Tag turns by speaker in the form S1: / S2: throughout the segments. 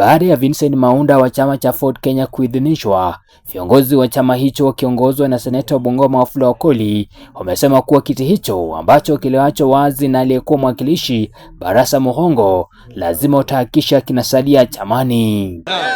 S1: Baada ya Vincent Maunda wa chama cha Ford Kenya kuidhinishwa, viongozi wa chama hicho wakiongozwa na seneta wa Bungoma Wafula Okoli wamesema kuwa kiti hicho ambacho kiliwacho wazi na aliyekuwa mwakilishi Barasa Muhongo lazima utahakisha kinasalia chamani.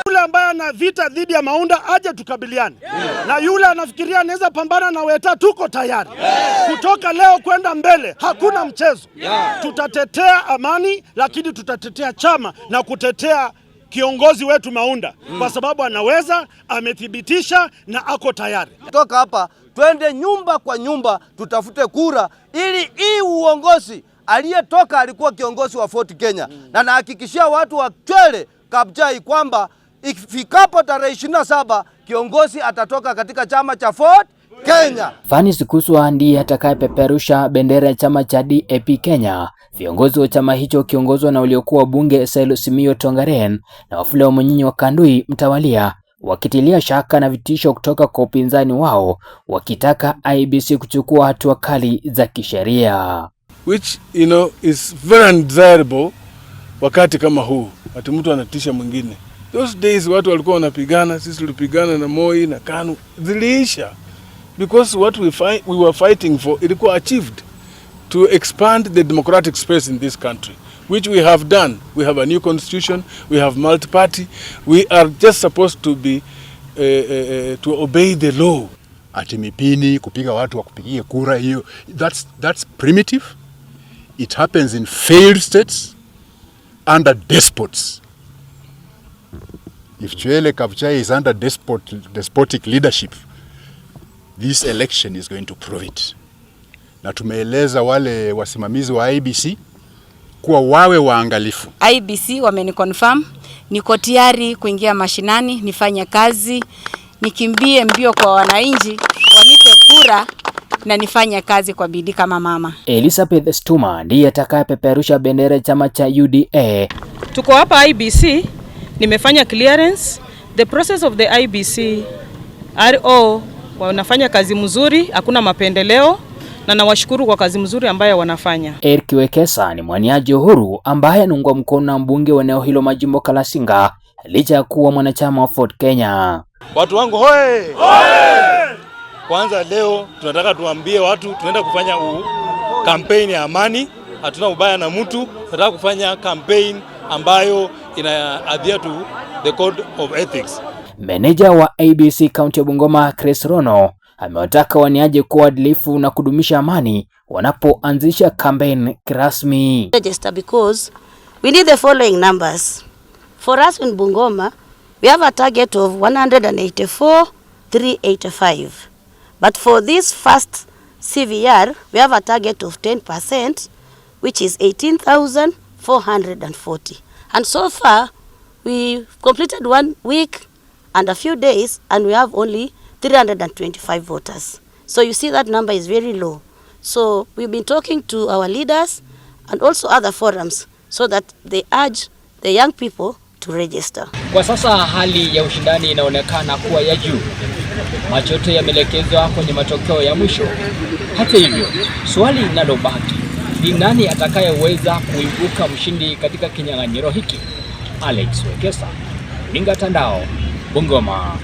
S2: Yule ambaye ana vita dhidi ya Maunda aje tukabiliane, yeah. Na yule anafikiria anaweza pambana na Weta, tuko tayari, yeah. Kutoka leo kwenda mbele hakuna mchezo, yeah. Tutatetea amani, lakini tutatetea chama na kutetea kiongozi wetu Maunda mm. kwa sababu anaweza, amethibitisha na ako tayari.
S3: Kutoka hapa twende nyumba kwa nyumba, tutafute kura ili hii uongozi aliyetoka alikuwa kiongozi wa fort Kenya mm. na nahakikishia watu wa Chwele Kabuchai kwamba ifikapo tarehe 27 kiongozi atatoka katika chama cha Fort Kenya.
S1: Fanis Kuswa ndiye atakayepeperusha bendera ya chama cha DAP Kenya. Viongozi wa chama hicho wakiongozwa na uliokuwa bunge Sailo Simio Tongaren na Wafula Wamunyinyi wa Kandui mtawalia wakitilia shaka na vitisho kutoka kwa upinzani wao wakitaka IBC kuchukua hatua kali za kisheria
S4: which you know is very undesirable. Wakati kama huu ati mtu anatisha mwingine, those days watu walikuwa wanapigana, sisi tulipigana na Moi na KANU ziliisha because what we, fight, we were fighting for was achieved to expand the democratic space in this country which we have done we have a new constitution we have multi-party we are just supposed to be uh, uh, to obey the law
S5: ati mipini kupiga watu wakupigie kura hiyo that's, that's primitive it happens in failed states under despots if Chwele Kabuchai is under despot, despotic leadership This election is going to prove it. Na tumeeleza wale wasimamizi wa IBC kuwa wawe waangalifu.
S6: IBC wameniconfirm niko tayari kuingia mashinani, nifanye kazi, nikimbie mbio kwa wananchi, wanipe kura na nifanye kazi kwa bidii kama mama.
S1: Elizabeth Stuma ndiye atakayepeperusha bendera chama cha UDA.
S7: Tuko hapa IBC, nimefanya clearance. The process of the IBC RO wanafanya kazi mzuri, hakuna mapendeleo na nawashukuru kwa kazi mzuri ambayo wanafanya.
S1: Eric Wekesa ni mwaniaji uhuru ambaye anaungwa mkono na mbunge wa eneo hilo Majimbo Kalasinga licha ya kuwa mwanachama wa Ford Kenya.
S8: Watu wangu hoe,
S9: hoe!
S8: Kwanza leo tunataka tuambie watu tunaenda kufanya kampeni ya amani, hatuna ubaya na mtu, tunataka kufanya kampeni ambayo ina adhere to the code of ethics.
S1: Meneja wa ABC kaunti ya Bungoma Chris Rono amewataka waniaji kuwa waadilifu na kudumisha amani wanapoanzisha kampeni rasmi.
S10: Because we need the following numbers. For us in Bungoma, we have a target of 184,385. But for this first CVR, we have a target of 10%, which is 18,440. And so far, we completed one week and a few days and we have only 325 voters. So you see that number is very low. So we've been talking to our leaders and also other forums so that they urge the young people to register.
S1: Kwa sasa hali ya ushindani inaonekana kuwa ya juu. machoto yamelekezwa kwenye matokeo ya mwisho. Hata hivyo, swali linalobaki ni nani atakayeweza kuibuka mshindi katika kinyang'anyiro hiki? Alex Wekesa, Ninga Tandao. 风格嘛。